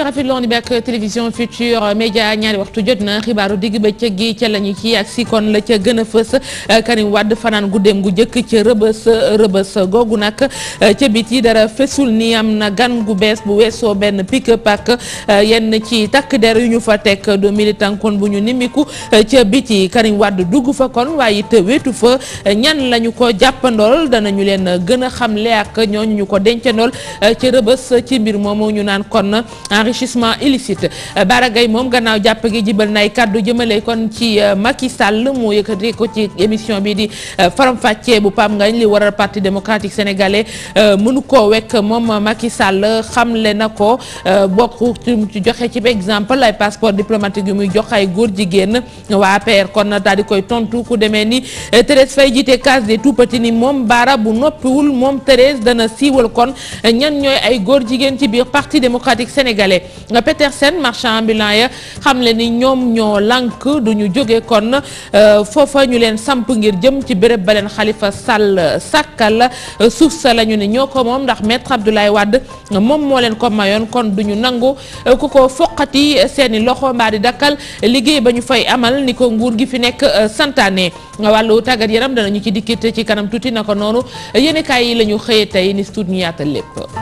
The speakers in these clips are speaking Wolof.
ñu rafetlu woon beeg télévision Futurs Médias ñaari waxtu jot na xibaaru digg ba bëccëg gii ca lañu ci ak si kon la ca gën a fës Karim Wade fanaan guddeem gu jëkk ca rëbës rëbës googu nag ca biti dara fesul ni am na gan gu bees bu weesoo benn pick-up yenn ci takk der yu ñu fa teg do militant kon bu ñu nimiku ca biti Karim Wade dugg fa kon waaye it wetu fa ñan lañu ko jàppandool danañu leen gën a xamle ak ñooñu ñu ko dencandool ca rëbës ci mbir moom ñu naan enrichissement illicite euh, Bara Gaye moom gannaaw jàpp gi jibal nay kaddu jëmale kon ci euh, Macky Sall mu yëkkati ko ci émission bi di euh, faram-fàccee bu Pape Ngagne li waral parti démocratique sénégalais mënu koo wekk moom Macky Sall xamle na ko bokk ci joxe ci exemple ay passeport diplomatique yu muy jox ay góor jigéen waa APR kon daal di koy tontu ku demee ni Thérèse Faye jiite case des tout ni moom Bara bu noppiwul moom Thérèse dana siiwal kon ñan ñooy ay góor foofee Petersen marchand ambulant ya xam le ni ñoom ñoo lànk du ñu jóge kon euh, foofa ñu leen samp ngir jëm ci bërëb ba leen Xalifa Sall euh, la euh, suuf sa lañu ñu ne ñoo ko moom ndax maître Abdoulaye Wade moom moo leen ko mayoon kon du ñu nangu ku ko foqati seeni loxo mbaa di dakkal liggéey ba ñu fay amal ni ko nguur gi fi nekk santaane wàllu tàggat yaram ñu ci dikkit ci kanam tuuti na ko noonu yéenekaay yi la ñu xëyee tey ni tuut ñu yaatal lépp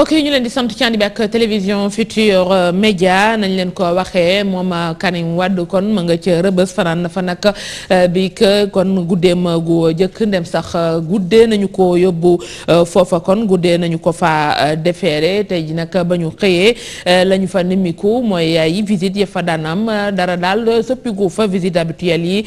mbokk yi ñu leen di sant ci ànd bi ak télévision Futurs euh, Médias nañ leen ko waxee moom Karim Wade kon ma nga ca rëbës fanaan na fa nag euh, bi kon guddeem gu jëkk ndem sax euh, guddee nañu ko yóbbu foofa kon guddee nañu ko fa defeere tey ji nag ba ñu xëyee la ñu fa nimiku mooy ay visite ya fa daan am dara daal soppiku fa visite habituelle yi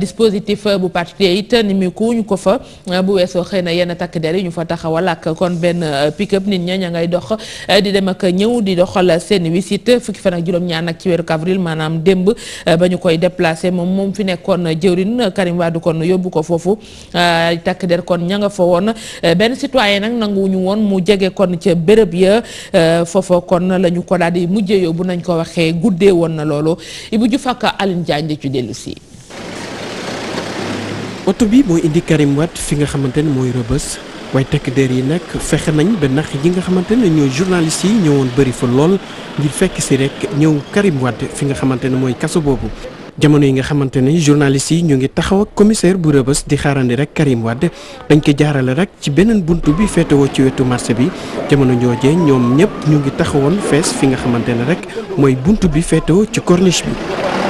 dispositif bu particulier it nimiku ñu ko fa bu weesoo xëy na yenn takk der yi ñu fa taxawal ak kon benn pick-up nit ña ngay dox eh, di dem ak ñëw di doxal seen visite fukki fan ak juróom-ñaar nag ci weeru avril maanaam démb eh, ba ñu koy déplacé moom moom fi nekkoon jëwrin Karim Wade kon yóbbu ko foofu eh, takk der kon ña nga fa woon benn citoyen nag nanguwuñu woon mu jege kon ca béréb ya foofa kon la ñu ko daal di mujjee yóbbu nañ ko waxee guddee woon na loolu Ibou Diouf ak Aline Diagne di ci dellu si. oto bi moo indi Karim fi nga xamante ne mooy Rebeuss waaye tekk der yi nag fexe nañ ba nax yi nga xamante ne ñooy journalistes yi ñëwoon bëri fu lool ngir fekk si rek ñëw Karim Wade fi nga xamante ne mooy kaso boobu. jamono yi nga xamante ne journaliste yi ñu ngi taxaw ak commissaire bu rëbës di xaarandi rek Karim Wade dañ ko jaarale rek ci beneen buntu bi féetewoo ci wetu marché bi jamono joojee ñoom ñëpp ñu ngi taxawoon fees fi nga xamante ne rek mooy buntu bi féetewoo ci corniche bi.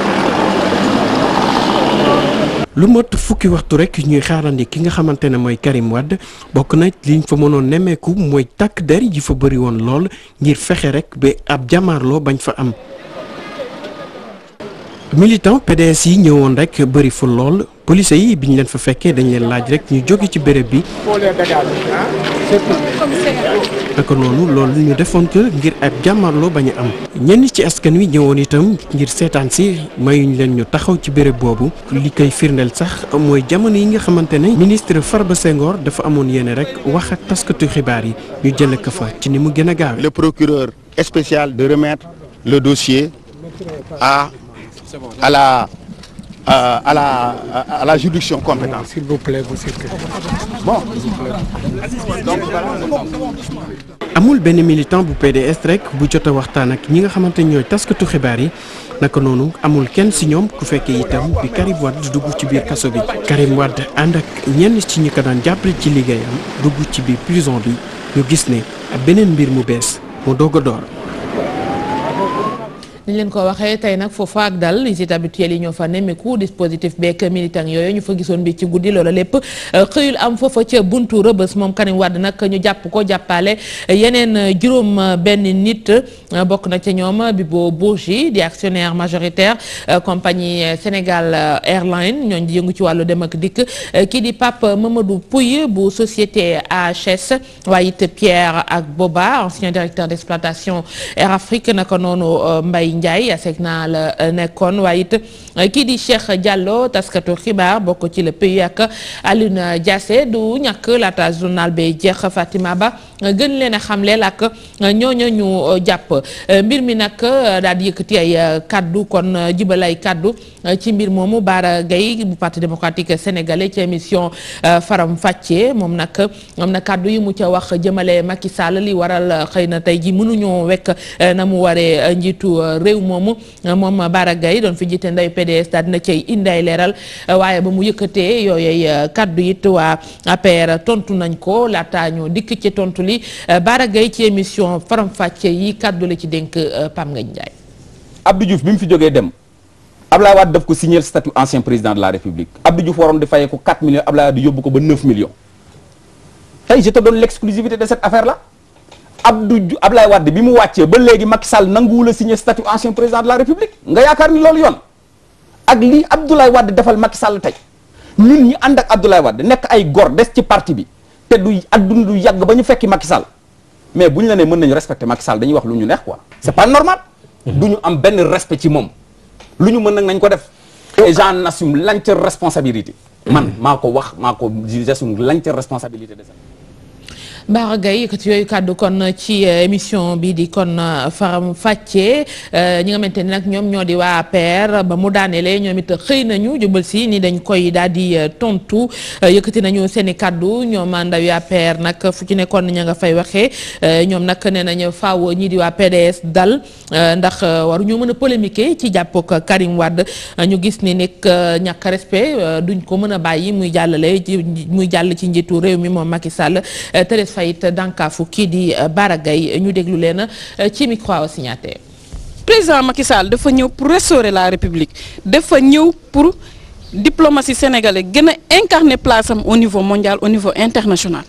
lu mot fukki waxtu rek ñuy xaarandi ki nga xamante ne mooy Karim wàdd bokk na liñ fa mënoon nemmeeku mooy takk der yi fa bari woon lool ngir fexe rek ba ab jàmmaarloo bañ fa am. militan PDS yi ñëwoon rek bëri fu lool police yi bi leen fa fekkee dañ leen laaj rek ñu jóge ci béréb bi. naka noonu loolu lu ñu defoon que ngir ab jàmmarloo bañ a am ñenn ci askan wi ñëwoon itam ngir seetaan si mayuñ leen ñu taxaw ci béréb boobu li koy firndeel sax mooy jamono yi nga xamante ne ministre Farba Senghor dafa amoon yéene rek wax ak taskatu xibaar yi ñu jëlee ko fa ci ni mu gën a gaaw. le procureur spécial de remettre le dossier à à euh, à la à la juridiction compétente. S'il vous plaît, amul benn militant bu PDS rek bu jot waxtaan ak ñi nga xamante ñooy taskatu xibaar yi naka noonu amul kenn si ñoom ku fekkee itam bi Karim Wade dugg ci biir kaso bi. Karim Wade ànd ak ñenn ci ñi ko daan jàppale ci liggéeyam dugg ci biir prison bi ñu gis ne beneen mbir mu bees mu doog a ni leen ko waxee tey nag foofa ak dal visite habituelle yi ñoo fa nemmeeku dispositif beek militant yooyu ñu fa gisoon bi ci guddi loola lépp euh, xëyul am foofa ca buntu rëbës moom Karim Wade nag ñu jàpp ko jàppale yeneen euh, juróom euh, benn nit bokk na ci ñoom bi boo Bourgi di actionnaire majoritaire compagnie Sénégal Airlines ñooñu yëngu ci wàllu dem ak dikk kii di Pape du Pouy bu société AHS waaye it Pierre ak Boba ancien directeur d'exploitation Air Afrique noonu Mbaye Ndiaye yaseeg naa la euh, nekkoon waaye it Euh, kii di Cheikh jàlloo taskatu xibaa bokk ci le pays ak Alioune Diassé du ñàkk laata journal bi jeex Fatima Ba euh, gën leen a xamleel ak euh, ñooñu ñu jàpp mbir mi nag daal di yëkkati ay kàddu kon jibal ay kaddu ci mbir moomu Bara Gaye bu parti démocratique sénégalais ci émission Faram Facce moom nag moom na kàddu yi mu ca wax jëmale Macky Sall li waral xëy na tey ji mënuñoo wekk na mu waree njiitu réew moomu moom Bara Gaye doon fi jiite nday PDS daal dina cay indi ay leeral waaye ba mu yëkkatee yooyey euh, kaddu it waa APR tontu nañ ko laata ñu dikk ci tontu li euh, Bara Gaye ci émission faram fàcce yi kaddu la ci dénk euh, Pam Ngagne Ndiaye. Abdou Diouf bi mu fi jógee dem Abdoulaye Wade daf ko signer statut ancien président de la République Abdou Diouf waroon di fayee ko 4 millions Abdoulaye Wade yóbbu ko ba 9 millions tey je te donne l'exclusivité de cette affaire là. Abdou Diouf Abdoulaye Wade bi mu wàccee ba léegi Macky Sall nanguwul a signer statut ancien ak li Abdoulaye Wade defal Macky Sall tey ñun ñi ànd ak Abdoulaye Wade nekk ay gor des ci parti bi te du addun du yàgg ba ñu fekki Macky Sall mais bu ñu la nee mën nañ respecté Macky Sall dañuy wax lu ñu neex quoi c'est pas normal. Mm-hmm. du ñu am benn respect ci moom lu ñu mën nag nañ ko def. et j'en assume l'entière responsabilité. man mm-hmm. maa ko wax maa ko j'assume l'entière responsabilité de ça. Bara Gaye yëkkati yooyu kàddu kon ci euh, émission bii di kon euh, faram fàccee euh, ñi nga xamante ni nag ñoom ñoo di waa APR ba mu daanelee ñoom it xëy nañu jubal si ni dañ koy daal di tontu yëkkati nañu seen i kàddu ñoom ndawi APR nag fu ci nekkoon ña nga fay waxee ñoom nag nee nañu faaw ñii di waa PDS dal ndax waruñoo mën a polémiquer ci jàppook Karim Wade ñu gis ni nekk ñàkk respect duñ ko mën a bàyyi muy jàllale muy jàll ci njiitu réew mi moom Macky Sall fa it dànkaafu kii di euh, baragay ñu déglu leen euh, ci micro signataire président Macky Sall dafa ñëw pour restaurer la république dafa ñëw pour diplomatie sénégalaise gën a incarner place am au niveau mondial au niveau international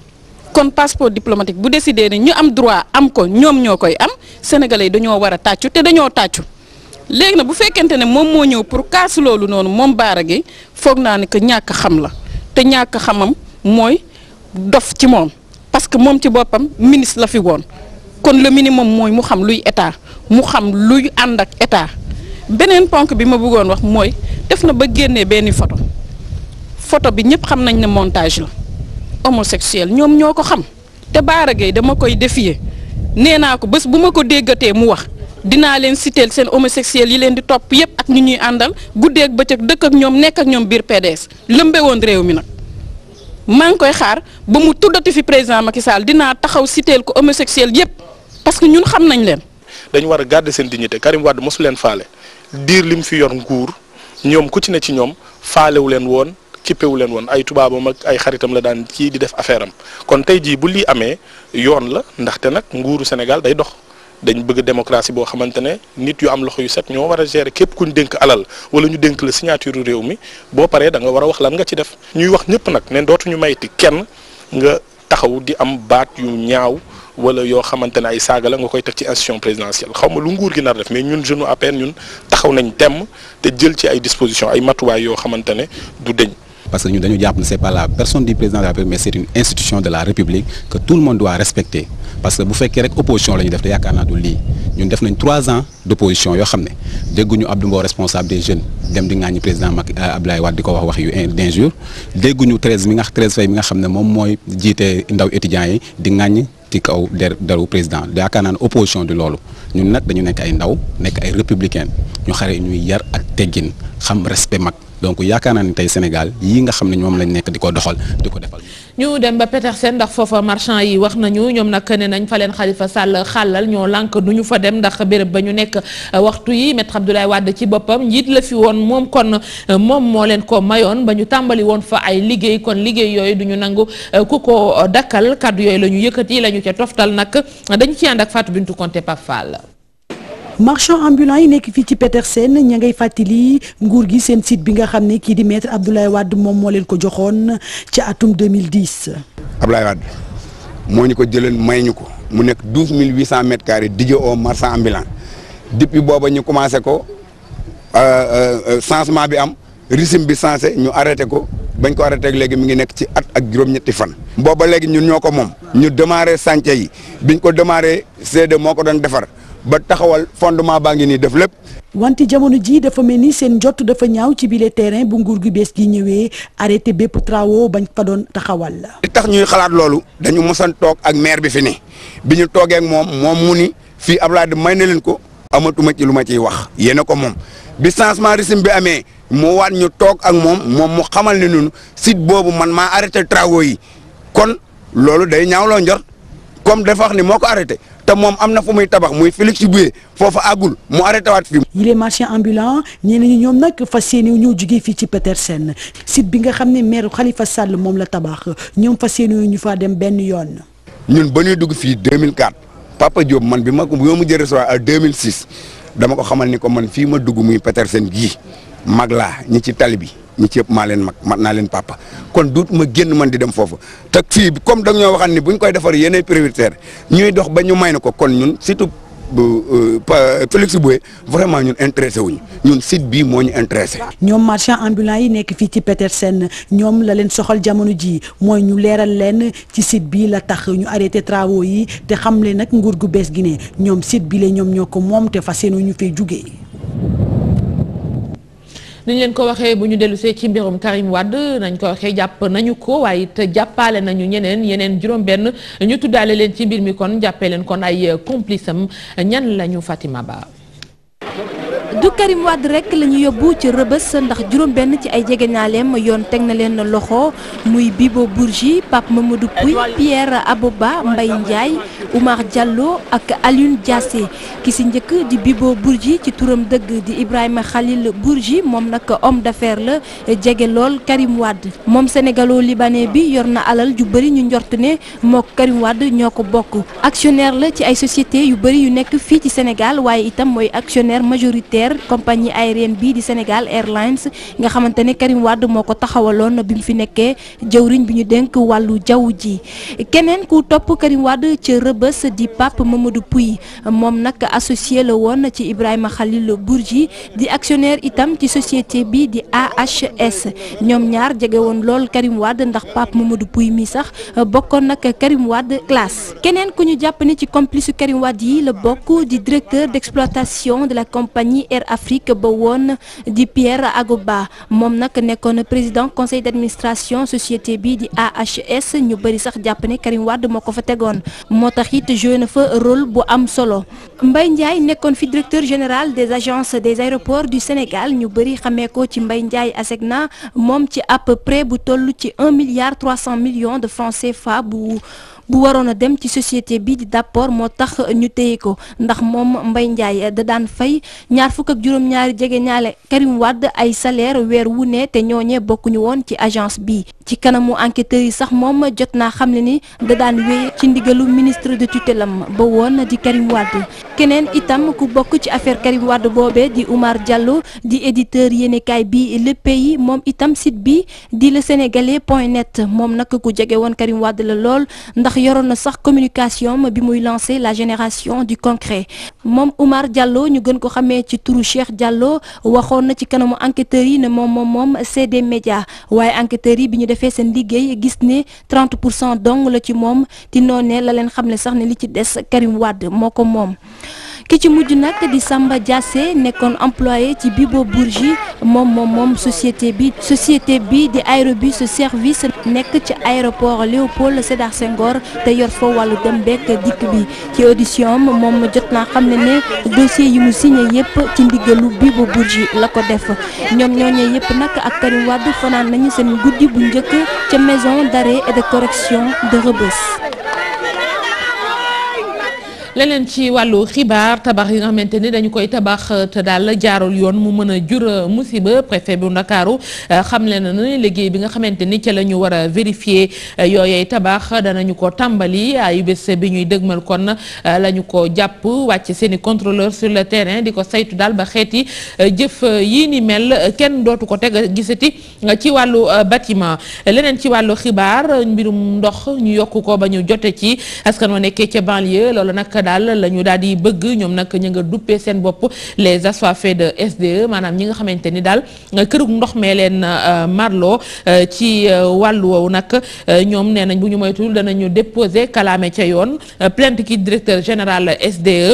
kon passeport diplomatique bu décidé ne ñu am droit am ko ñoom ñoo koy am sénégalais yi dañoo war a tàccu te dañoo tàccu léegi nag bu fekkente ne moom moo ñëw pour kaas loolu noonu moom baara gi foog naa ne que ñàkk xam la te ñàkk xamam mooy dof ci moom moom ci boppam ministre la fi woon kon le minimum mooy mu xam luy état mu xam luy ànd ak état beneen ponk bi ma bëggoon wax mooy def na ba génnee benn photo photo bi ñëpp xam nañ ne montage la homosexuel ñoom ñoo ko xam te Bara Gaye dama koy défier nee naa ko bés bu ma ko déggatee mu wax dinaa leen citeel seen homosexuel yi leen di topp yëpp ak ñu ñuy àndal guddeeg bëccëg dëkk ak ñoom nekk ak ñoom biir PDS lëmbe woon réew mi nag. maa ngi koy xaar ba mu tuddati fi président Macky saal dinaa taxaw si teel ko homosexuel yëpp parce que ñun xam nañ leen. dañu war a garder seen dignité Karim Wade mosu leen faale diir li mu fi yor nguur ñoom ku ci ne ci ñoom faalewu leen woon kippewu leen woon ay tubaabam ak ay xaritam la daan kii di def affaire am kon tey jii bul li amee yoon la ndaxte nag nguuru Sénégal day dox. dañ bëgg démocratie boo xamante ne nit yu am loxo yu set ñoo war a gérer képp ku ñu dénk alal wala ñu dénk la signature réew mi boo paree da nga war a wax lan nga ci def ñuy wax ñëpp nag ne dootuñu mayti kenn nga taxaw di am baat yu ñaaw wala yoo xamante ne ay saaga la nga koy teg ci institution présidentielle xaw ma lu nguur gi nar def mais ñun jeune APR ñun taxaw nañ temm te jël ci ay dispositions ay matuwaay yoo xamante ne du deñ parce que ñun dañu jàpp ne c'est pas la personne du président de la République mais c'est une institution de la République que tout le monde doit respecter parce que bu fekkee rek opposition la ñu def te yaakaar naa du lii ñun def nañ trois ans d'opposition yoo xam ne dégguñu Abdou Mbow responsable des jeunes dem di ŋàññi président Macky euh, Abdoulaye Wade di ko wax wax yu d'injure dégguñu treize mi nga mi nga xam ne moom mooy jiite ndaw étudiants yi di ŋàññ ci kaw der deru président yaakaar naa ne opposition di loolu ñu nag dañu nekk ay ndaw nekk ay républicain ñu xare ñuy yar ak teggin xam respect mag donc yaakaar naa ni tey Sénégal yi nga xam ne ñoom lañ nekk di ko doxal di ko defal. ñu dem ba Petersen ndax foofa marchand yi wax nañu ñoom nag ne nañ fa leen xalifa sàll xàllal ñoo lànk du ñu fa dem ndax béréb ba ñu nekk euh, waxtu yi maître Abdoulaye Wade ci boppam njiit la fi woon moom kon euh, moom moo leen ko mayoon ba ñu tàmbali woon fa ay liggéey kon liggéey yooyu du ñu nangu euh, ku ko dakkal kàddu yooyu la ñu yi la ñu ca toftal nag dañu ci ànd ak Fatou Bintou Conté Pape Fall. marchand ambulant yi nekk fii ci Petersen ña ngay fàttali nguur gi seen site bi nga xam ne kii di maître Abdoulaye Wade moom moo leen ko joxoon ci atum 2010. Abdoulaye Wade moo ñu ko jëleen may ñu ko mu nekk 12 800 mètres carrés dédié au marchand ambulant depuis booba ñu commencé ko euh, euh, euh, changement bi am régime bi changé ñu arrêté ko bañ ko arrêté ak léegi mi ngi nekk ci at ak juróom-ñetti fan. booba léegi ñun ñoo ko moom. ñu démarré chantier yi biñ ko démarré CD moo ko doon defar. ba taxawal fondement baa ngi nii def lépp. wante jamono ji dafa mel ni seen njott dafa ñaaw ci bile terrain bu nguur gi bees gi ñëwee arrêté bépp travaux bañ fa doon taxawal la. tax ñuy xalaat loolu dañu mosan toog ak maire bi fi ni bi ñu toogee ak moom moom mu ni fii Abdoulaye may na leen ko amatuma ci lu ma ciy wax yéen a ko moom bi changement régime bi amee mu waat ñu toog ak moom moom mu xamal ne ñun site boobu man maa arrêté travaux yi kon loolu day ñaawloo njor comme dafa wax ni moo ko arrêté. te moom am na fu muy tabax muy Félix Bouye foofu àggul mu arrêté waat fi yile marché ambulant ñenn ñi ñoom nag fa yéene ñoo jugee fii ci Petersen sit bi nga xam ne maire Khalifa Sall moom la tabax ñoom fas yéene ñu faa dem benn yoon. ñun ba ñuy dugg fii 2004 Papa Diop man bi ma ko bi ma mujjee deux à 2006 dama ko xamal ni ko man fii ma dugg muy Petersen gii. mag laa ñi ci tali bi ñi ci yëpp maa leen mag mat naa leen papa kon duut ma génn man di dem foofu te fii comme da ñoo waxal ni bu ñu koy defar yeneen prioritaire ñuy dox ba ñu may na ko kon ñun surtout bu euh, Félix Boué vraiment ñun intéressé wuñu ñun site bii moo ñu intéressé. ñoom marchand ambulant yi nekk fii ci Petersen ñoom la leen soxal jamono ji mooy ñu leeral leen ci site bii la tax ñu arrêté travaux yi te xam leen nag nguur gu bees gi ne ñoom site bi la ñoom ñoo ko moom te fas yéene ñu fee jugee. ni ñu leen ko waxee bu ñu dellusee ci mbirum Karim Wade nañ ko waxee jàpp nañu ko waaye te jàppale nañu ñeneen yeneen juróom-benn ñu tuddaale leen ci mbir mi kon jàppee leen kon ay complice am ñan lañu Fatima Ba. du Karim Wade rek la ñu yóbbu ci rëbës ndax juróom benn ci ay jegeñaaleem yoon teg na leen loxo muy Bibo Bourgi Pape Mamadou Pouy Pierre Aboba Mbaye Ndiaye Oumar Diallo ak Alioune Diassé ki si njëkk di Bibo Bourgi ci turam dëgg di Ibrahima Khalil Bourgi moom nag homme d'affaires la jege lool Karim Wade moom sénégalo-libanais bi yor na alal ju bëri ñu njort ne mook Karim Wade ñoo ko bokk actionnaire la ci ay société yu bëri yu nekk fii ci Sénégal waaye itam mooy actionnaire majoritaire yoon compagnie aérienne bii di Sénégal Airlines nga xamante ne Karim Wade moo ko taxawaloon bi mu fi nekkee jëwriñ bi ñu dénk wàllu jaww ji keneen ku topp Karim Wade ca Rëbës di Pape Mamadou Pouy moom nag associé la woon ci Ibrahima Khalil Bourgi di actionnaire itam ci société bi di AHS ñoom ñaar jege woon lool Karim Wade ndax Pape Mamadou Pouy mii sax bokkoon nag Karim Wade keneen ku ñu jàpp ne ci complice Karim Wade yi la bokk di directeur d'exploitation de la compagnie Afrique ba woon di Pierre Agouba moom nag nekkoon président conseil d'administration société bi di AHS ñu bëri sax jàpp ne Karim Wade moo ko fa tegoon moo tax it joué na fa role bu am solo mbay Ndiaye nekkoon fi directeur général des agences des aéroports du Sénégal ñu bëri xamee ko ci Mbaye Ndiaye ASECNA moom ci à peu près bu toll ci un milliard trois cent millions de francs CFA bu. bu waroon a dem ci société bi di d'apport moo tax ñu téye ko ndax moom mbay Ndiaye da daan fay ñaar fukk ak juróom-ñaari jege ñaale Karim Wade ay salaire weer wu ne te ñooñee bokkuñu woon ci agence bi ci kanamu enquêteurs yi sax moom jot naa xam ne ni da daan wéy ci ndigalu ministre de tutelle am ba woon di Karim Wade keneen itam ku bokk ci affaire Karim Wade boobee di Oumar Diallo di éditeur yéenekaay bi Le yi moom itam site bi di le sénégalais point net moom nag ku jege woon Karim Wade la lool yoroon na sax communication bi muy lancé la génération du concret moom Oumar jàlloo ñu gën ko xamee ci turu Cheikh Diallo waxoon na ci kanamu enquêteurs yi ne moom moom moom CD Média waaye enquêteurs yi bi ñu defee seen liggéey gis ni 30 pour cent dong la ci moom ti noonee la leen xam ne sax ni li ci des Karim Wade moo ko moom. ki ci mujj nag di Samba Diassé nekkoon employé ci Bibo Bourgi moom moom moom société bi société bi di aérobus service nekk ci aéroport Léopold se ngor te yor fa wàllu dem bekk dikk bi ci audition moom jot na xam ne ne dossier yi mu signé yëpp ci ndiggalu Bibo Bourgi la ko def ñoom ñooñee yëpp nag ak Karim Wade fanaan nañu seen guddi bu njëkk ca maison d'arrêt et de correction de Rebeuss leneen ci wàllu xibaar tabax yi nga xamante ni dañu koy tabax euh, te daal jaarul yoon mu mën a jur euh, musiba préfet bu Ndakaaru euh, xam leen na ne liggéey bi nga xamante ni ci la ñu war a vérifier yooyey tabax danañu ko tàmbali AIBC bi ñuy dëgmal kon la ñu ko jàpp wàcc seen i contrôleur sur le terrain di ko saytu daal ba xeeti jëf yii ni mel kenn dootu ko teg gisati nga ci wàllu bâtiment leneen ci wàllu xibaar mbirum ndox ñu yokk ko ba ñu jote ci askan wa nekkee daal la ñu daal di bëgg ñoom nag ñu nga duppee seen bopp les assoiffés de SDE maanaam ñi nga xamante ni daal nga kërug ndox mee leen euh, marloo euh, ci euh, wàll woowu nag ñoom nee nañ bu ñu moytul ñu déposer kalaame ca yoon plainte ki directeur général SDE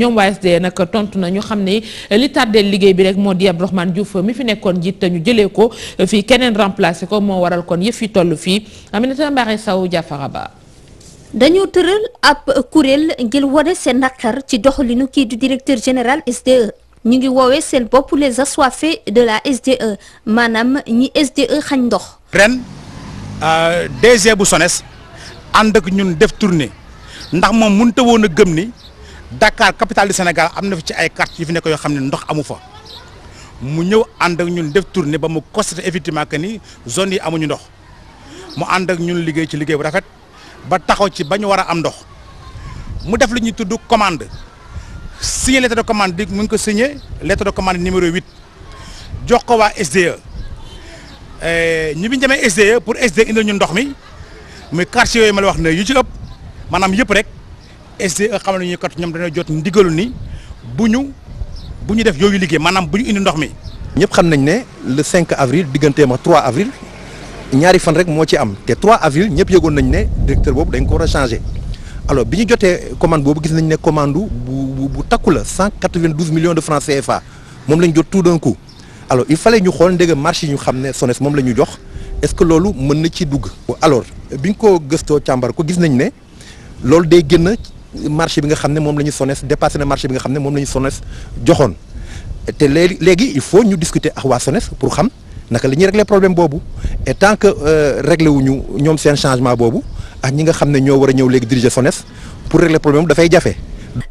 ñoom waa SDE nag tontu na ñu xam ni li tàddeel liggéey bi rek moo di Abdourahmane Diouf mi fi nekkoon jiit ñu jëlee ko fii keneen remplacé ko moo waral kon yëf yi toll fii Aminata Mbaare Sow Diafara Ba dañoo tëral ab kuréel ngir wane seen naqar ci doxalinu kii du directeur général SDE ñu ngi woowee seen bopp les assoiffés de la SDE maanaam ñi SDE xañ ndox. ren euh, DG bu SONES ànd ak ñun def tournée ndax moom mënut a woon a gëm ni Dakar capital du Sénégal am na fi ci ay quartiers yu fi nekk yoo xam ne ndox amu fa mu ñëw ànd ak ñun def tournée ba mu constaté effectivement que ni zone yi amuñu ndox mu ànd ak ñun liggéey ci liggéey bu rafet. ba taxaw ci bañ ñu war a am ndox mu def lu ñuy tudd commande signé lettre de commande di mu ngi ko signé lettre de commande numéro 8 jox ko waa SDE eh, ñu bi ñu demee SDE pour SDE indil ñu ndox mi muy quartier yooyu ma la wax ne yu ci ëpp maanaam yëpp rek SDE xam nañu kat ñoom dañoo jot ndigalu ni bu ñu bu ñu def yooyu liggéey maanaam bu ñu indi ndox mi. ñëpp xam nañ ne le 5 avril digganteem ak 3 avril. ñaari fan rek moo ci am te trois avril ñëpp yëgoon nañ ne directeur boobu dañ ko war a changé bi ñu jotee commande boobu gis nañ ne commande bu bu takku la 192 millions de francs CFA moom lañ jot tout d'un coup ñu xool ndege marché yi xam ne SONES moom la ñu jox est-ce que loolu mën na ci dugg. alors bi ñu ko gëstoo càmbar ko gis nañ ne loolu day génn marché bi nga xam ne moom la ñu SONES dépassé na marché bi nga xam ne moom la ñu SONES joxoon te léegi léegi il faut ñu discuter ak waa SONES pour xam. naka la ñuy régler problème boobu et tant que euh, réglé wuñu ñoom seen changement boobu ak ñi nga xam ne ñoo war a ñëw léegi diriger SONES pour régler problème dafay jafe.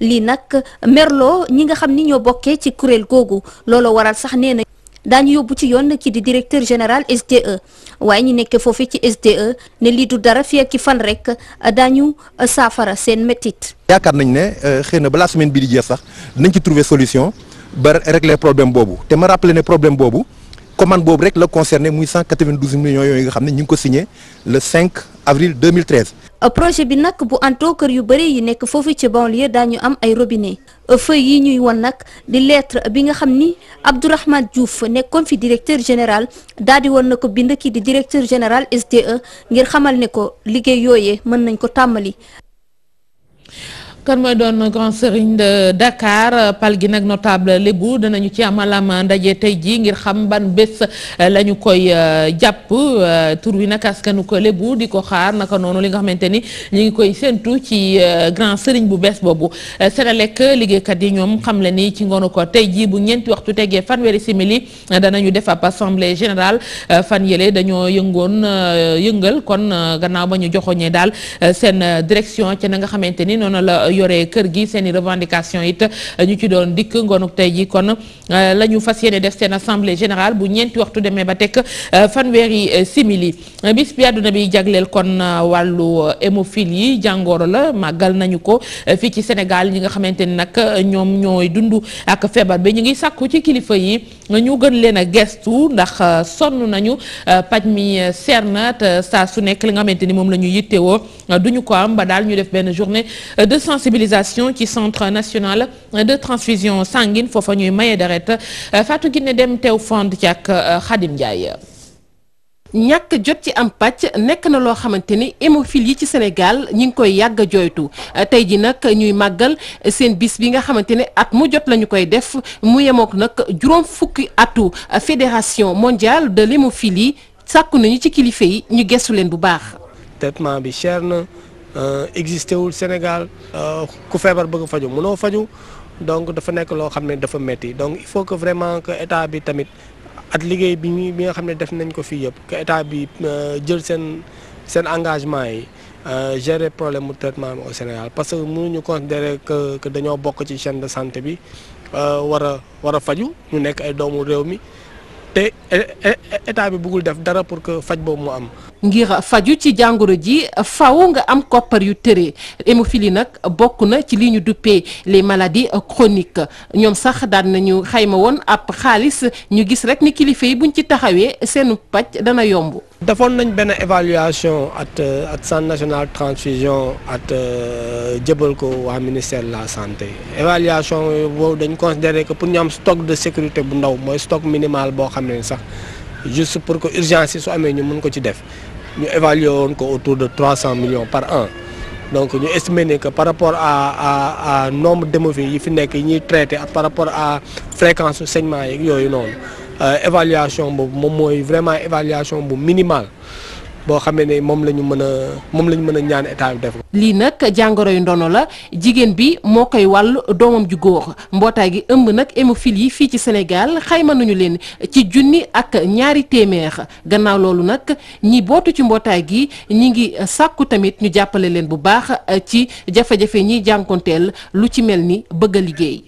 lii nag merloo ñi nga xam ni ñoo bokkee ci kuréel googu looloo waral sax nee na daañu yóbbu ci yoon ki di directeur général SDE waaye ñi nekkee foofu ci SDE ne lii du dara fii ak fan rek daañu saafara seen métit yaakaar nañ ne euh, xëy na balaa semaine bi di jeex sax nañ ci trouver solution ba régler problème boobu te ma rappeler problème boobu. commande boobu rek la concerné muy 192 millions yooyu nga xam ne ñu ngi ko signé le avril euh, projet bi nag bu antoo kër yu bëri yi nekk foofu ci banlieue daañu am ay robinet euh, feuille yi ñuy won nag di lettre bi nga xam ni Abdourahmane Diouf nekkoon fi directeur général daal di woon na ko bind kii di directeur général SDE ngir xamal ne ko liggéey yooyee mën nañ ko tàmmali. kon mooy doon grand serigne de Dakar pal gi nag notable lébu danañu ci amalam ndaje tey jii ngir xam ban bés eh, la ñu koy eh, jàpp eh, tur wi nag askanu ko lébu di ko xaar naka noonu li nga xamante ni ñu ngi koy séntu ci grand serigne bu bees boobu Senelec liggéeykat yi ñoom xam le ni ci ngoonu ko tey jii bu ñeenti waxtu tegee fanweeri simili danañu def ab assemblée générale fan yéle dañoo yëngoon yëngal kon gannaaw ba ñu joxoñee daal seen direction ci na yore kër gi seeni i revendication it euh, ñu ci doon dikk ngoonuk tey ji kon euh, la ñu fas yéene def seen assemblée général bu ñeenti waxtu demee ba tekk euh, fanweeri simili bis bi àdduna bi jagleel kon wàllu hémophile yi jàngoro la màggal nañu ko fii ci Sénégal ñi nga xamante ni nag ñoom ñooy dund ak feebar bi ñu ngi sàkku ci kilifa yi ñu gën leen a gestu ndax euh, sonn nañu euh, paj mi euh, seer na te saa su nekk li nga xamante ni moom la ñu yittewoo du ñu ko am ba daal ñu def benn journée de sensibilisation ci centre national de transfusion sanguine foofa ñuy maye deret Fatou Guinée dem teew fond ci ak Khadim Ndiaye ñàkk jot ci am pàcc nekk na loo xamante ni hémophile yi ci Sénégal ñi ngi koy yàgg a jooytu euh, tey ji nag ñuy màggal seen bis bi nga xamante ne at mu jot lañu koy def mu yemook nag juróom fukki atu fédération mondiale de l'hémophilie yi sàkku nañu ci kilifa yi ñu gestu leen bu baax. traitement bi cher na euh, existé wul Sénégal euh, ku feebar bëgg faju mënoo faju donc dafa nekk loo xam ne dafa metti donc il faut que vraiment que état bi tamit. ak liggéey bi ñu bi nga xam ne def nañ ko fii yëpp que état bi euh, jël seen seen engagement yi euh, gérer problème mu traitement au Sénégal parce que mënuñu considérer que que dañoo bokk ci chaîne de santé bi euh, war a war a faju ñu nekk ay doomu réew mi te état bi bëggul def dara pour que faj boobu mu am. ngir faju ci jàngoro ji faw nga am koppar yu tëree hémophilie nag bokk na ci li ñu duppee maladie ak chroniques ñoom sax daan nañu xayma woon ab xaalis ñu gis rek ni kilifa yi buñ ci taxawee seenu paj dana yomb. defoon nañ benn évaluation at euh, at centre national transfusion at euh, jëbal ko waa ministère de la santé évaluation boobu dañ considéré ko pour ñu am stock de sécurité bu ndaw mooy stock minimal boo xam ne sax juste pour que urgence su amee ñu mun ko ci def ñu évalué woon ko autour de trois cent millions par an donc ñu estimé ne que par rapport à à à nombre d'hémophiles yi fi nekk yi ñuy traité ak par rapport à fréquence su saignement yeeg yooyu noonu. Euh, évaluation boobu moom mooy vraiment évaluation bu minimal boo xamee ne moom la ñu mën a moom la ñu mën a ñaan état bi def lii nag jàngoro yu ndono la jigéen bi moo koy wàll doomam ju góor mbootaay gi ëmb nag hémophile yi fii ci Sénégal xayma nañu leen ci junni ak ñaari téeméer gannaaw loolu nag ñi bootu ci mbootaay gi ñu ngi sàkku tamit ñu jàppale leen bu baax ci jafe-jafe ñiy jànkonteel lu ci mel ni bëgg a liggéey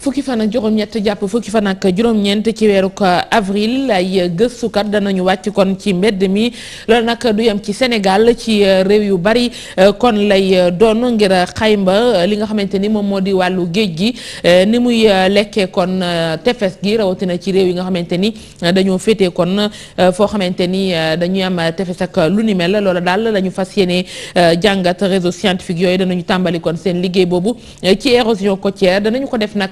fukki fan ak juróom jàpp fukki fan ak ñeent ci weeruk avril ay gëstukat danañu wàcc kon ci mbedd mi loolu nag du yem ci Sénégal ci euh, réew yu bari euh, kon lay euh, doon ngir xaymba li nga xamante ni moom moo di wàllu géej gi ni muy lekkee kon tefes gi rawatina ci réew yi nga xamante ni dañoo féetee kon foo xamante ni dañuy am tefes ak lu ni mel loola daal la ñu fas yéene jàngat réseau scientifique yooyu danañu tàmbali kon seen liggéey boobu ci érosion côtière danañu ko def nag.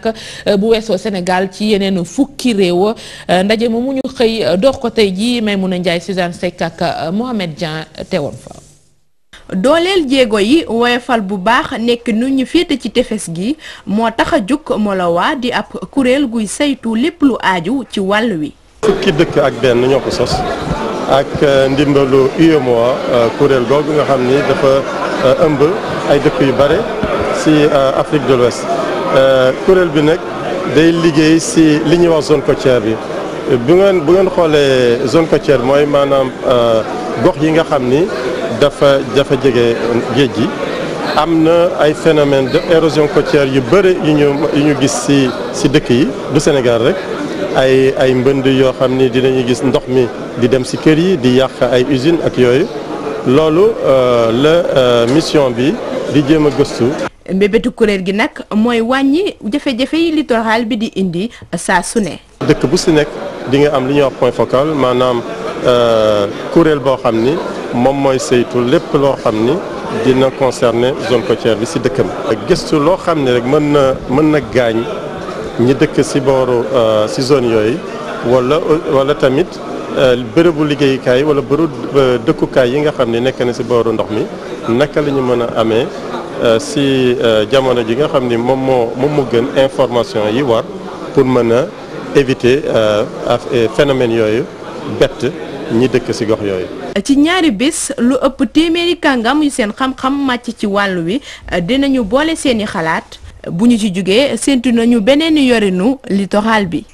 Euh, bu weesoo Sénégal ci yeneen fukki réew euh, ndaje moomu ñu xëy dox ko tey jii Maimouna Ndiaye Suzanne Seck ak euh, Mohamed Dieng teewoon fa. dooleel jéego yi woyofal bu baax nekk nu ñu féete ci tefes gi moo tax a jug Molowa di ab kuréel guy saytu lépp lu aaju ci wàll wi. fukki dëkk ak benn ñoo ko sos ak ndimbalu UEMOA kuréel googu nga xam ni dafa ëmb ay dëkk yu bare ci Afrique de l'Ouest Euh, kuréel bi nag day liggéey si li ñuy wax zone côtière bi bu ngeen bu ngeen xoolee zone côtière mooy maanaam euh, gox yi nga xam ni dafa dafa jege géej gi am na ay phénomène de érosion côtière yu bëri yu ñu yu ñu gis si si dëkk yi du Sénégal rek ay ay mbënd yoo xam ni dinañu gis ndox mi di dem si kër yi di yàq ay usine ak yooyu loolu euh, la mission bi di jéem a gëstu mbébétu kuréel gi nag mooy wàññi jafe-jafe yi littoral bi di indi saa su dëkk bu si nekk di nga am li ñuy wax point focal maanaam euh, kuréel boo xam ni moom mooy saytu lépp loo xam ni dina concerner zone côtière bi si dëkkam. gëstu loo xam ne rek mën na mën na gaañ ñi dëkk si booru euh, si zone yooyu wala wala tamit. Euh, bërëbu liggéeyukaay wala bërëb dëkkukaay yi nga xam ne nekk na si booru ndox mi naka lañu mën a amee Euh, si euh, jamono ji nga xam ni moom moo moom moo gën information yi war pour mën a éviter euh, phénomène yooyu bett ñi dëkk si gox yooyu. ci ñaari bés lu ëpp téeméeri kàngam yu seen xam-xam màcc ci wàll wi dinañu boole seeni xalaat bu ñu ci jógee séntu nañu beneen yorinu littoral bi.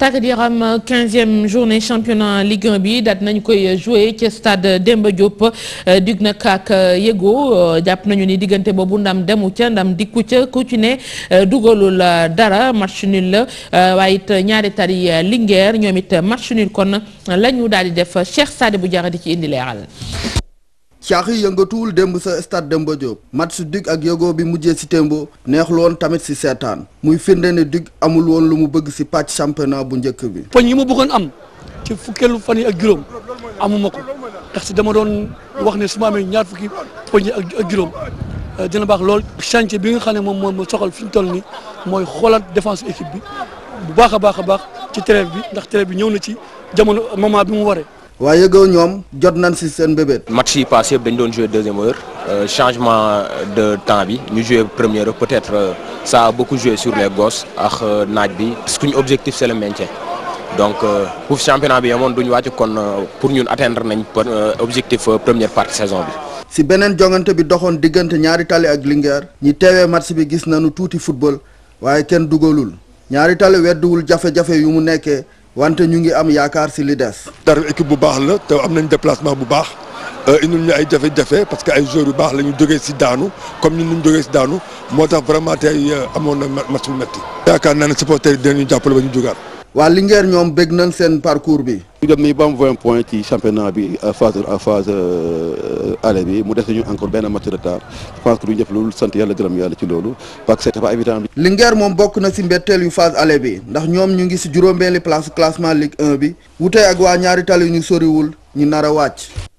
tàggat yaram euh, quinzième journée championnat Ligue 1 bi daat nañu koy euh, joué ci stade Demba Diop euh, dig nag ak yego jàpp nañu ni diggante boobu ndam demu ca ndam di dikku ca ku ci ne dugalul dara match nul la waaye it ñaari tari Linguère ñoom it match nul kon la ñu daal di def Cheikh Sade bu jara di ci indi leeral caaxi yëngatuwul demb sa stade Demba Diop match Duc ak Yogo bi mujjee si temboo neex woon tamit si seetaan muy firnde ne Duc amul woon lu mu bëgg si pàcc championnat bu njëkk bi. poñ yi ma bëggoon am ci fukkeelu fan yi ak juróom amuma ko ndax ci dama doon wax ne su ma amee ñaar fukki poñ ak juróom euh, dina baax lool. chantier bi nga xam ne moom moom ma soxal fi ñu toll nii mooy xoolaat défense équipe bi bu baax a baax a baax ci trêve bi ndax trêve bi ñëw na ci jamono moment bi mu waree. waaye yëgoo ñoom jot nañ si seen mbébét. match yi passé yëpp dañ doon jouer deuxième heure euh, changement de temps bi ñu jouer première heure peut-être euh, ça a beaucoup joué sur les gosses ak euh, naaj bi suñu objectif c'est le donc foofu euh, championnat bi yemoon ñu wàcc kon euh, pour ñun atteindre nañ objectif première partie saison bi. si beneen jongante bi doxoon diggante ñaari tali ak Linguère ñi teewee match bi gis nañu tuuti football waaye kenn dugalul ñaari tali weddiwul jafe mu nekkee. wante ñu ngi am yaakaar si li des. dara équipe bu baax la te am nañ déplacement bu baax euh, indil ñu ay jafe-jafe parce que ay joueurs yu baax la ñu jógee si daanu comme ñun ñu jógee si daanu moo tax vraiment tey euh, amoon na match bu métti. yaakaar naa ne supporters ñu jàpp la ba ñu jógaat. waa Linguère ñoom bégg nañ seen parcours bi. ñu dem nii ba am 20 points ci championnat bi euh, phase à euh, phase euh, aller bi mu def ñu encore benn match de que du ñu def loolu sant yàlla gërëm yàlla ci loolu parce que c'était pas évident. Linguère moom bokk na si mbetteel yu phase aller bi ndax ñoom ñu ngi si juróom-benni place classement Ligue 1 bi wutee ak waa ñaari tali ñu soriwul ñu nar a wàcc.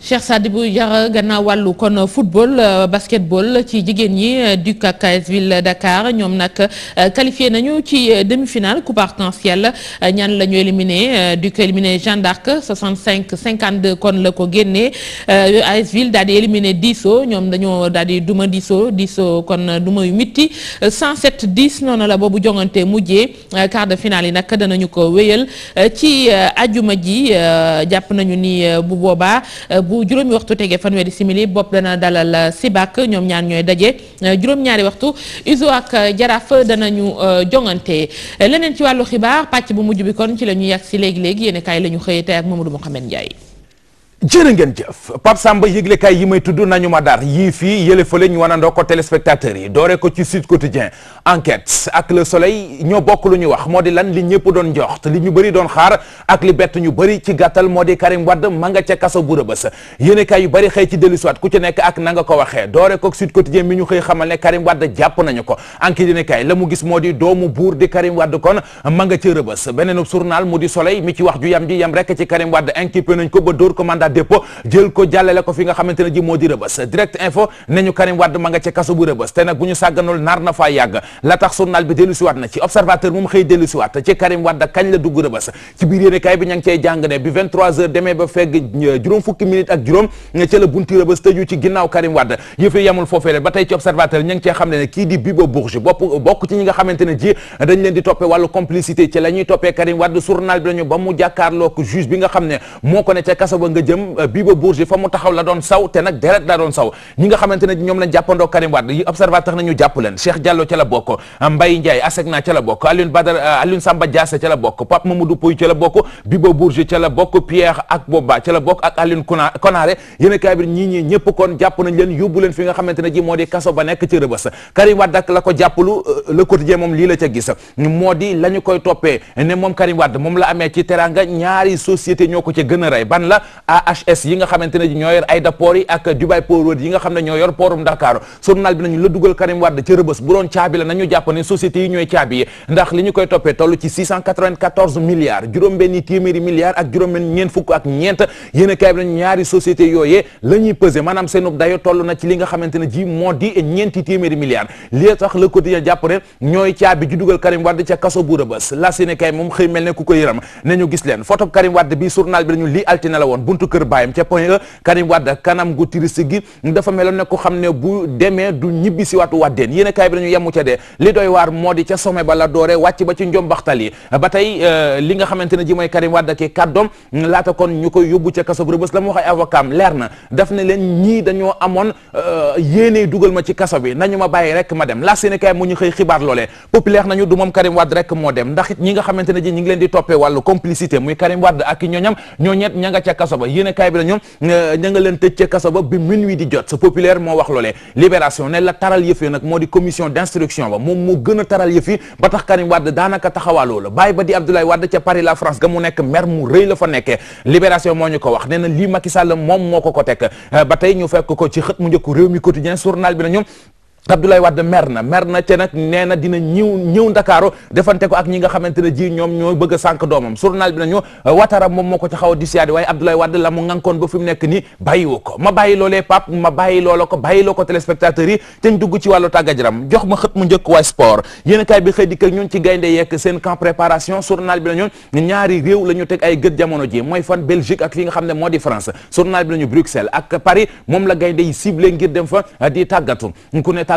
Cheikh Sadibou Diarra gannaaw wàllu kon football euh, basketball ci jigéen ñi euh, DUC ak AS Ville Dakar ñoom nag euh, qualifié nañu ci demi-finale coupe arc-en-ciel ñan la ñu éliminé DUC éliminé Jeanne d'Arc 65 52 kon la ko génnee AS Ville daal di éliminé Diso ñoom dañoo dal di duma Diso Diso kon duma yu mitti 107 10 noonu la boobu jongante mujjee quart de finale yi nag danañu ko wéyal ci ajuma ji jàpp nañu ni bu boobaa. bu juróomi waxtu tegee fanweeri simili bopp dana dalal Sibak ñoom ñaan ñooy daje euh, juróom-ñaari waxtu Izo ak Jaraaf danañu euh, jongante leneen ci wàllu xibaar pàcc bu mujj bi kon ci la ñu yàgg si léegi léegi yéen kaay la ñu xëyee tey ak Mamadou Mouhamed Ndiaye. jërë ngeen jëf Pape Samba yëglekaay yi may tudd nañu ma dar yii fii yële fële ñu wanandoo ko téléspectateurs yi dooree ko ci Sud Quotidien enquête ak le soleil ñoo bokk lu ñu wax moo di lan li ñëpp doon njort li ñu bëri doon xaar ak li bett ñu bëri ci gàttal moo di Karim Wade ma nga ca kaso bu rëbës yéenekaay na nga ko waxee doore ko Sud Quotidien mi ñu xëy xamal ne Karim Wade jàpp nañu ko enquête yéenekaay la mu moo di doomu mi ci wax ju yam ji yam rek ci Karim Wade inculpé nañ ko ba dóor ko mandat dépôt jël ko jàllale ko fi nga xamante ne ji moo di rëbës direct info ne ñu Karim Wade ma nga kaso bu rëbës te nag bu ñu sàgganul nar na yàgg la tax journal bi dellu siwaat na ci observateur moom xëy dellu siwaat ci Karim Wade kañ la dugg rëbës ci biir yéene kaay bi ña ngi jàng ne bi 23 heures demee ba fegg euh, juróom fukki minutes ak juróom ci ginnaaw Karim Wade yëf yi yamul foofee leen ne ne kii di Bibo Bourgi nga xamante ne ji dañ leen di toppee wàllu complicité ci la ñuy toppee Karim Wade journal nga xam ne moo ko ne ca nga jëm euh, Bibo Bourgi fa taxaw la doon saw te nag deret la doon saw ñi nga xamante ne ñoom lañ jàppandoo Karim Wade yi jàpp leen Cheikh Diallo ca la bokk bokk Mbaye Ndiaye Asegna ca la bokk Alioune Badara euh, Alioune Samba Diassa ca la bokk Pape Mamadou Pouy ca la bokk Bibo Bourge ca la bokk Pierre ak Boba ca la bokk ak Alioune Kona Konaré yéen a kaay bi ñii ñii ñëpp kon jàpp euh, koy toppee ne moom Karim Wade moom la amee ci teranga ñaari société ñoo ko ca gën a ban la AHS yi nga xamante ji ñoo la dugal Karim Wade ca rëbës bu doon nañu jàpp ne sociétés yi ñooy caabi ndax li ñu koy toppee toll ci 694 milliards juróom-benni téeméeri milliards ak juróom-benn ñeent fukk ak ñeent yéen a kaay bi nañu ñaari société yooyee la ñuy peser maanaam seenub na ci li nga xamante di ñeenti téeméeri milliards li tax le quotidien jàpp ne ñooy caabi ju dugal Karim Wade ca kaso bu Rebeuss la yéen a kaay moom xëy mel ne ku ko yëram ne ñu gis leen photo Karim Wade bi journal bi dañu lii altine woon buntu kër baayam ca point e Karim Wade kanam gu triste gi dafa meloon ne ko a kaay dee li doy waar moo di ca sommet ba la doore wàcc ba ci njom baxtal yi ba tey euh, li nga xamante ne ji mooy Karim Wade ki kàddoom laata kon ñu koy yóbbu ca kaso bu Rebeuss la leer na daf ne leen ñii dañoo amoon euh, yéene dugal ma ci kaso bi nañu ma bàyyi rek ñu xëy xibaar ndax it ñi nga xamante ne ji ñi ngi leen di toppee wàllu complicité muy Karim Wade ak ñooñam ñoo ñett ña ca kaso ba yéene kaay bi la euh, ñoom leen tëj ca kaso ba bi minuit di jot sa populaire moo wax loolee libération ne la taral yëf nag moo di commission d'instruction président ba moom moo gën taral yëf ba tax Karim Wade daanaka taxawaaloo la bàyyi ba di Abdoulaye Wade ca Paris la France ga mu nekk mer mu rëy la fa nekkee libération moo ko wax nee na lii Macky moom moo ko ko teg ba tey ñu fekk ko ci xët mu njëkk réew mi quotidien journal bi na ñu Abdoulaye Wade mer na mer na te nag nee na dina ñëw ñëw Ndakaaru defante ko ak ñi nga xamante ne ji ñoom ñoo bëgg a sànq doomam journal bi nañu euh, Ouattara moom moo ko ci xaw a disiyaadi waaye Abdoulaye Wade la mu ngankoon ba fi mu nekk nii bàyyiwu ko ma bàyyi loolee pap ma bàyyi loola ko bàyyi loo ko téléspectateurs yi te ñu dugg ci wàllu tàggat yaram jox ma xët mu njëkk waa sport yéen kaay bi xëy di ak ñun ci gaynde yekk seen camp préparation journal bi nañu ñaari réew la ñu teg ay gët jamono ji mooy fan Belgique ak fi nga xam ne moo di France journal bi nañu Bruxelles ak Paris moom la gaynde yi ciblé ngir dem fa euh, di tàggatu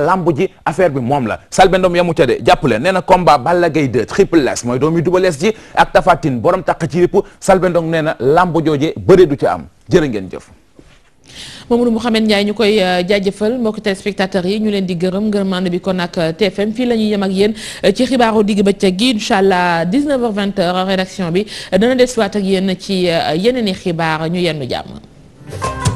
lamb ji affaire bi moom la Salbe Ndom yamu ca de jàpp leen nee na combat Balla Gaye 2 Triple Less mooy doomi Double Less ji ak Tapha Tine borom taq ci yëpp Salbe Ndom nee na lamb jooje bëre du ca am jërë ngeen jëf Mamadou Mouhamed Ndiaye ñu koy euh, jaajëfal mbokki téléspectateurs yi ñu leen di gërëm ngërëmande bi kon ak euh, TFM fii la yem ak yéen euh, ci xibaaru digg ba bëccëg gi incha allah 19h 20 rédaction bi dana des waat ak yéen ci yeneen i xibaar ñu yendu jàmm.